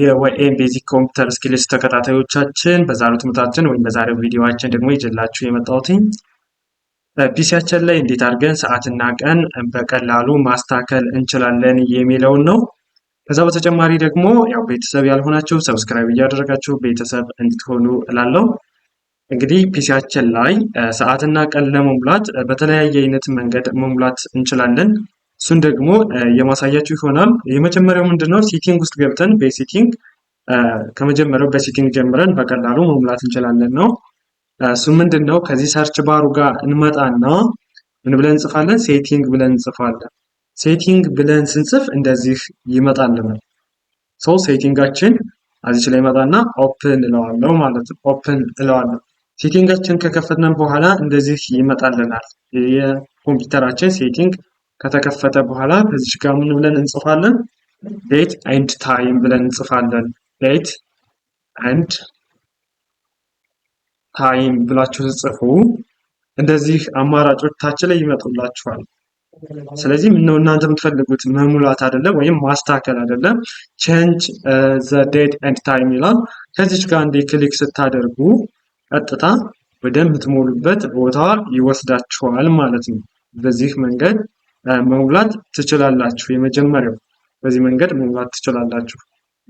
የወይኤም ቤዚክ ኮምፒውተር ስኪልስ ተከታታዮቻችን በዛሬው ትምህርታችን ወይም በዛሬው ቪዲዮችን ደግሞ ይዤላችሁ የመጣሁትኝ ፒሲያችን ላይ እንዴት አድርገን ሰዓትና ቀን በቀላሉ ማስተካከል እንችላለን የሚለውን ነው። ከዛ በተጨማሪ ደግሞ ያው ቤተሰብ ያልሆናችሁ ሰብስክራይብ እያደረጋችሁ ቤተሰብ እንድትሆኑ እላለሁ። እንግዲህ ፒሲያችን ላይ ሰዓትና ቀን ለመሙላት በተለያየ አይነት መንገድ መሙላት እንችላለን። እሱን ደግሞ የማሳያችሁ ይሆናል። የመጀመሪያው ምንድነው ሴቲንግ ውስጥ ገብተን በሴቲንግ ከመጀመሪያው በሴቲንግ ጀምረን በቀላሉ መሙላት እንችላለን ነው። እሱ ምንድነው ከዚህ ሰርች ባሩ ጋር እንመጣና ምን ብለን እንጽፋለን? ሴቲንግ ብለን እንጽፋለን። ሴቲንግ ብለን ስንጽፍ እንደዚህ ነው ሰው ሴቲንጋችን አዚች ላይ ይመጣና ኦፕን እለዋለሁ ማለት ነው። ኦፕን እለዋለሁ። ሴቲንጋችን ከከፈትነን በኋላ እንደዚህ ይመጣልናል የኮምፒውተራችን ሴቲንግ ከተከፈተ በኋላ በዚች ጋር ምን ብለን እንጽፋለን? ዴት ኤንድ ታይም ብለን እንጽፋለን። ዴት ኤንድ ታይም ብላችሁ ስጽፉ እንደዚህ አማራጮች ታች ላይ ይመጡላችኋል። ስለዚህ ምነው እናንተ የምትፈልጉት መሙላት አይደለም ወይም ማስተካከል አይደለም። ቼንጅ ዘ ዴት ኤንድ ታይም ይላል። ከዚች ጋር እንዴ ክሊክ ስታደርጉ ቀጥታ ወደምትሞሉበት ቦታ ይወስዳችኋል ማለት ነው። በዚህ መንገድ መሙላት ትችላላችሁ። የመጀመሪያው በዚህ መንገድ መሙላት ትችላላችሁ።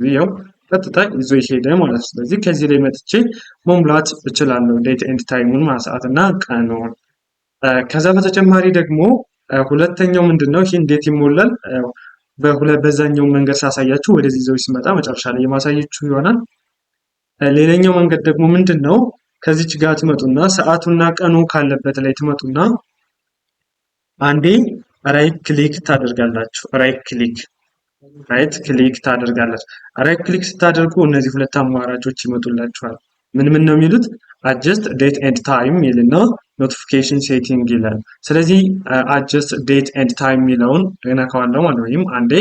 ይኸው ቀጥታ ይዞ ይሄደ ማለት ነው። ስለዚህ ከዚህ ላይ መጥቼ መሙላት እችላለሁ። ዴት ኤንድ ታይሙን ማሰዓት እና ቀኑን። ከዛ በተጨማሪ ደግሞ ሁለተኛው ምንድን ነው? ይህ እንዴት ይሞላል? በዛኛው መንገድ ሳሳያችሁ ወደዚህ ዘው ሲመጣ መጨረሻ ላይ የማሳየችሁ ይሆናል። ሌላኛው መንገድ ደግሞ ምንድን ነው? ከዚች ጋር ትመጡና ሰዓቱና ቀኑ ካለበት ላይ ትመጡና አንዴ ራይት ክሊክ ታደርጋላችሁ። ራይት ክሊክ ራይት ክሊክ ታደርጋላችሁ። ራይት ክሊክ ስታደርጉ እነዚህ ሁለት አማራጮች ይመጡላችኋል። ምን ምን ነው የሚሉት? አጀስት ዴት ኤንድ ታይም ይልና ኖቲፊኬሽን ሴቲንግ ይላል። ስለዚህ አጀስት ዴት ኤንድ ታይም የሚለውን እነካዋለሁ ማለት ወይም አንዴ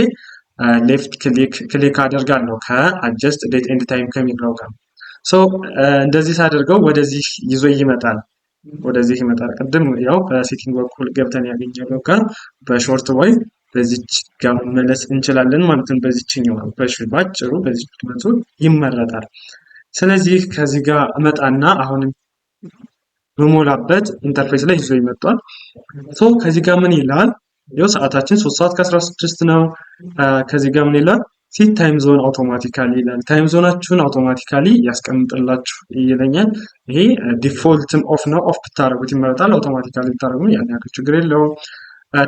ሌፍት ክሊክ ክሊክ አደርጋለሁ ከአጀስት ዴት ኤንድ ታይም ከሚለው ጋር ሶ uh, እንደዚህ ሳደርገው ወደዚህ ይዞ ይመጣል። ወደዚህ ይመጣል። ቅድም ያው በሴቲንግ በኩል ገብተን ያገኘነው ጋር በሾርት ወይ በዚች ጋር መመለስ እንችላለን ማለት ነው። በዚችኛው ባጭሩ በዚች መልኩ ይመረጣል። ስለዚህ ከዚህ ጋር እመጣና አሁንም በሞላበት ኢንተርፌስ ላይ ይዞ ይመጣል። ሶ ከዚህ ጋር ምን ይላል? ያው ሰዓታችን ሶስት ሰዓት ከ16 ነው። ከዚህ ጋር ምን ይላል? ሲ ታይም ዞን አውቶማቲካሊ ይላል። ታይም ዞናችሁን አውቶማቲካሊ ያስቀምጥላችሁ ይለኛል። ይሄ ዲፎልትም ኦፍ ነው። ኦፍ ብታደረጉት ይመረጣል። አውቶማቲካሊ ብታደረጉ ያን ያክል ችግር የለውም።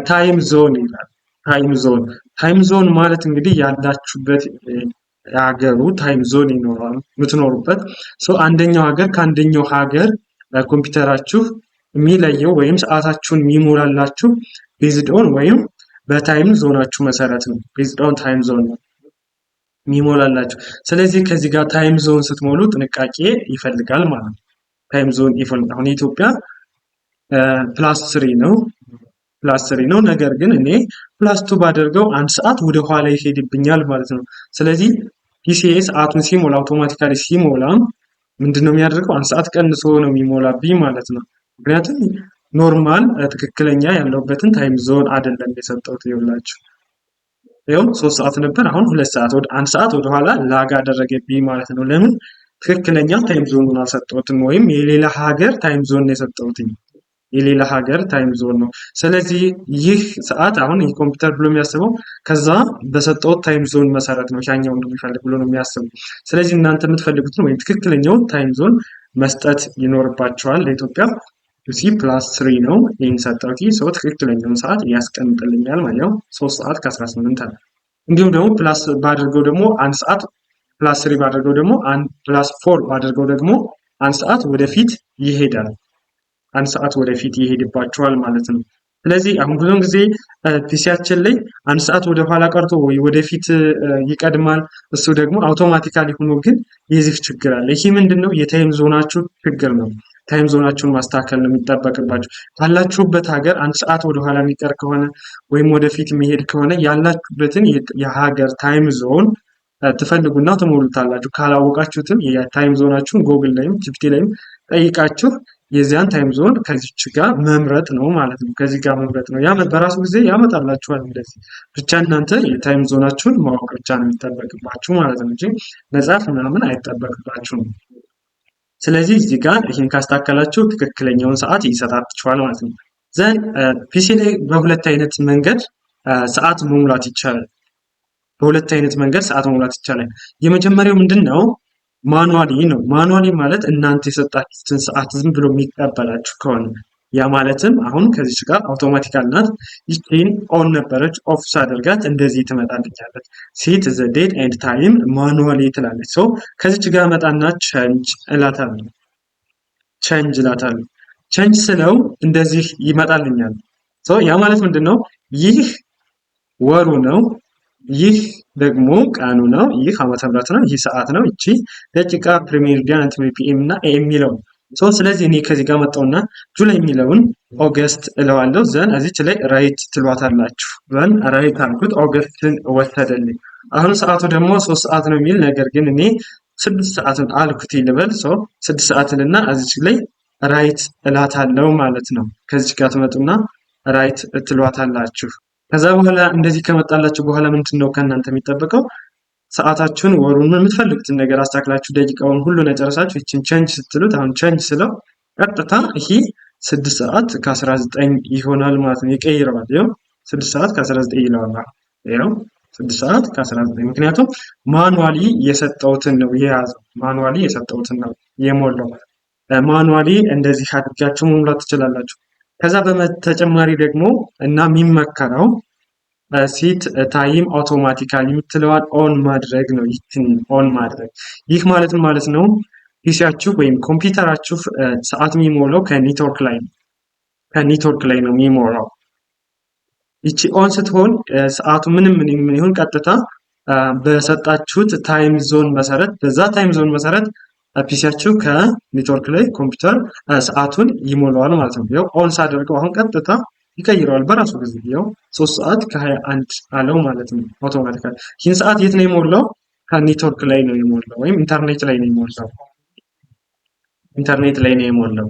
ታይም ዞን ይላል። ታይም ዞን ታይም ዞን ማለት እንግዲህ ያላችሁበት የሀገሩ ታይም ዞን ይኖራል የምትኖሩበት አንደኛው ሀገር ከአንደኛው ሀገር ኮምፒውተራችሁ የሚለየው ወይም ሰዓታችሁን የሚሞላላችሁ ቤዝድ ኦን ወይም በታይም ዞናችሁ መሰረት ነው። ቤዝድ ኦን ታይም ዞን ነው። ሚሞላላችሁ። ስለዚህ ከዚህ ጋር ታይም ዞን ስትሞሉ ጥንቃቄ ይፈልጋል ማለት ነው። ታይም ዞን ይፈልጋል። አሁን የኢትዮጵያ ፕላስ ስሪ ነው ፕላስ ስሪ ነው። ነገር ግን እኔ ፕላስ ቱ ባደርገው አንድ ሰዓት ወደ ኋላ ይሄድብኛል ማለት ነው። ስለዚህ ፒሲኤ ሰዓቱን ሲሞላ አውቶማቲካሊ ሲሞላም ምንድን ነው የሚያደርገው? አንድ ሰዓት ቀንሶ ነው የሚሞላብኝ ማለት ነው። ምክንያቱም ኖርማል ትክክለኛ ያለውበትን ታይም ዞን አይደለም የሰጠሁት ይውላችሁ። ይኸው ሶስት ሰዓት ነበር። አሁን ሁለት ሰዓት ወደ አንድ ሰዓት ወደኋላ ላግ አደረገብኝ ማለት ነው። ለምን ትክክለኛ ታይም ዞኑን አልሰጠሁትም፣ ወይም የሌላ ሀገር ታይም ዞን ነው የሰጠሁትኝ። የሌላ ሀገር ታይም ዞን ነው። ስለዚህ ይህ ሰዓት አሁን ይህ ኮምፒውተር ብሎ የሚያስበው ከዛ በሰጠሁት ታይም ዞን መሰረት ነው ያኛው እንደሚፈልግ ብሎ ነው የሚያስበው። ስለዚህ እናንተ የምትፈልጉትን ወይም ትክክለኛውን ታይም ዞን መስጠት ይኖርባቸዋል ለኢትዮጵያ ሲ ፕላስ ስሪ ነው። ይህን ሰጠሁት ሰው ትክክለኛውን ሰዓት ያስቀምጥልኛል ማለት ነው። ሶስት ሰዓት ከአስራ ስምንት አለ። እንዲሁም ደግሞ ፕላስ ባደርገው ደግሞ አንድ ሰዓት ፕላስ ስሪ ባደርገው ደግሞ ፕላስ ፎር ባደርገው ደግሞ አንድ ሰዓት ወደፊት ይሄዳል። አንድ ሰዓት ወደፊት ይሄድባቸዋል ማለት ነው። ስለዚህ አሁን ብዙውን ጊዜ ፒሲያችን ላይ አንድ ሰዓት ወደኋላ ቀርቶ ወይ ወደፊት ይቀድማል። እሱ ደግሞ አውቶማቲካሊ ሆኖ ግን የዚህ ችግር አለ። ይህ ምንድን ነው? የታይም ዞናችሁ ችግር ነው። ታይም ዞናቸውን ማስተካከል ነው የሚጠበቅባችሁ። ካላችሁበት ሀገር አንድ ሰዓት ወደኋላ የሚቀር ከሆነ ወይም ወደፊት የሚሄድ ከሆነ ያላችሁበትን የሀገር ታይም ዞን ትፈልጉና ትሞሉታላችሁ። ካላወቃችሁትም የታይም ዞናችሁን ጎግል ላይም ጂፒቲ ላይም ጠይቃችሁ የዚያን ታይም ዞን ከዚች ጋር መምረጥ ነው ማለት ነው። ከዚህ ጋር መምረጥ ነው። በራሱ ጊዜ ያመጣላችኋል። እንደዚህ ብቻ እናንተ የታይም ዞናችሁን ማወቅ ብቻ ነው የሚጠበቅባችሁ ማለት ነው እንጂ መጽሐፍ ምናምን አይጠበቅባችሁም። ስለዚህ እዚህ ጋር ይህን ካስተካከላችሁ ትክክለኛውን ሰዓት ይሰጣችኋል ማለት ነው። ዘን ፒሲ ላይ በሁለት አይነት መንገድ ሰዓት መሙላት ይቻላል። በሁለት አይነት መንገድ ሰዓት መሙላት ይቻላል። የመጀመሪያው ምንድን ነው? ማኑዋሊ ነው። ማኑዋሊ ማለት እናንተ የሰጣችሁትን ሰዓት ዝም ብሎ የሚቀበላችሁ ከሆነ ያ ማለትም አሁን ከዚች ጋር አውቶማቲካል ናት። ይቺን ኦን ነበረች ኦፍ ሳደርጋት እንደዚህ ትመጣልኛለች። ሴት ዘ ዴት ኤንድ ታይም ማኑዋሊ ትላለች። ሰው ከዚች ጋር መጣና ቸንጅ እላታለሁ። ቸንጅ እላታለሁ። ቸንጅ ስለው እንደዚህ ይመጣልኛል። ያ ማለት ምንድን ነው? ይህ ወሩ ነው። ይህ ደግሞ ቀኑ ነው። ይህ ዓመተ ምሕረት ነው። ይህ ሰዓት ነው። ይቺ ደቂቃ ፕሪሜሪዲያን፣ ፒኤም እና ኤ የሚለው ነው። ሶ ስለዚህ እኔ ከዚህ ጋር መጣውና ጁላይ የሚለውን ኦገስት እለዋለሁ። ዘን እዚች ላይ ራይት ትሏታላችሁ። ዘን ራይት አልኩት፣ ኦገስትን ወሰደልኝ። አሁን ሰዓቱ ደግሞ ሶስት ሰዓት ነው የሚል ነገር ግን እኔ ስድስት ሰዓትን አልኩት ይልበል። ሶ ስድስት ሰዓትንና እዚች ላይ ራይት እላታለሁ ማለት ነው። ከዚች ጋር ትመጡና ራይት ትሏታላችሁ። ከዛ በኋላ እንደዚህ ከመጣላችሁ በኋላ ምንድን ነው ከእናንተ የሚጠበቀው? ሰዓታችሁን፣ ወሩን የምትፈልጉትን ነገር አስተካክላችሁ ደቂቃውን ሁሉን ጨረሳችሁ ይችን ቸንጅ ስትሉት አሁን ቸንጅ ስለው ቀጥታ ይሄ ስድስት ሰዓት ከአስራ ዘጠኝ ይሆናል ማለት ነው። ይቀይረዋል። ይኸው ስድስት ሰዓት ከአስራ ዘጠኝ ይለዋል። ይኸው ስድስት ሰዓት ከአስራ ዘጠኝ ምክንያቱም ማኑዋሊ የሰጠውትን ነው የያዘው። ማኑዋሊ የሰጠውትን ነው የሞላው። ማኑዋሊ እንደዚህ አድርጋችሁ መሙላት ትችላላችሁ። ከዛ በተጨማሪ ደግሞ እና የሚመከረው ሲት ታይም አውቶማቲካሊ የምትለዋል ኦን ማድረግ ነው። ኦን ማድረግ ይህ ማለት ማለት ነው ፒሲያችሁ ወይም ኮምፒውተራችሁ ሰዓት የሚሞላው ከኔትወርክ ላይ ነው። ከኔትወርክ ላይ ነው የሚሞላው። ይቺ ኦን ስትሆን ሰዓቱ ምንም ምንም ይሁን ቀጥታ በሰጣችሁት ታይም ዞን መሰረት በዛ ታይም ዞን መሰረት ፒሲያችሁ ከኔትወርክ ላይ ኮምፒውተር ሰዓቱን ይሞላዋል ማለት ነው። ኦን ሳደርገው አሁን ቀጥታ ይቀይረዋል በራሱ ጊዜ ያው ሶስት ሰዓት ከሀያ አንድ አለው ማለት ነው። አውቶማቲካል ይህን ሰዓት የት ነው የሞላው? ከኔትወርክ ላይ ነው የሞላው ወይም ኢንተርኔት ላይ ነው የሞላው። ኢንተርኔት ላይ ነው የሞላው።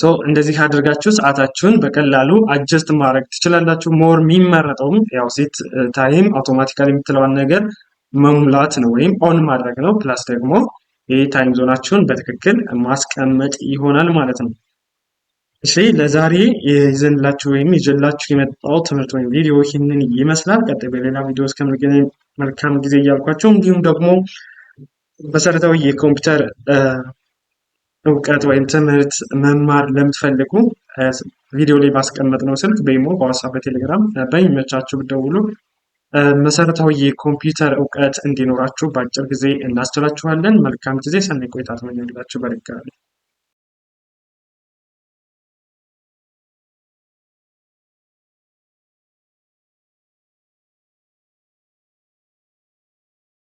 ሶ እንደዚህ አድርጋችሁ ሰዓታችሁን በቀላሉ አጀስት ማድረግ ትችላላችሁ። ሞር የሚመረጠውም ያው ሴት ታይም አውቶማቲካል የምትለዋን ነገር መሙላት ነው ወይም ኦን ማድረግ ነው። ፕላስ ደግሞ ይህ ታይም ዞናችሁን በትክክል ማስቀመጥ ይሆናል ማለት ነው። እሺ ለዛሬ ይዘንላችሁ ወይም ይዤላችሁ የመጣው ትምህርት ወይም ቪዲዮ ይህንን ይመስላል። ቀጥ በሌላ ቪዲዮ እስከምንገናኝ መልካም ጊዜ እያልኳቸው እንዲሁም ደግሞ መሰረታዊ የኮምፒውተር እውቀት ወይም ትምህርት መማር ለምትፈልጉ ቪዲዮ ላይ ነው ስልክ በኢሞ፣ በዋትስአፕ፣ በቴሌግራም በሚመቻችሁ ብደውሉ መሰረታዊ የኮምፒውተር እውቀት እንዲኖራችሁ በአጭር ጊዜ እናስችላችኋለን። መልካም ጊዜ፣ ሰናይ ቆይታ ትመኛላችሁ። በድጋሚ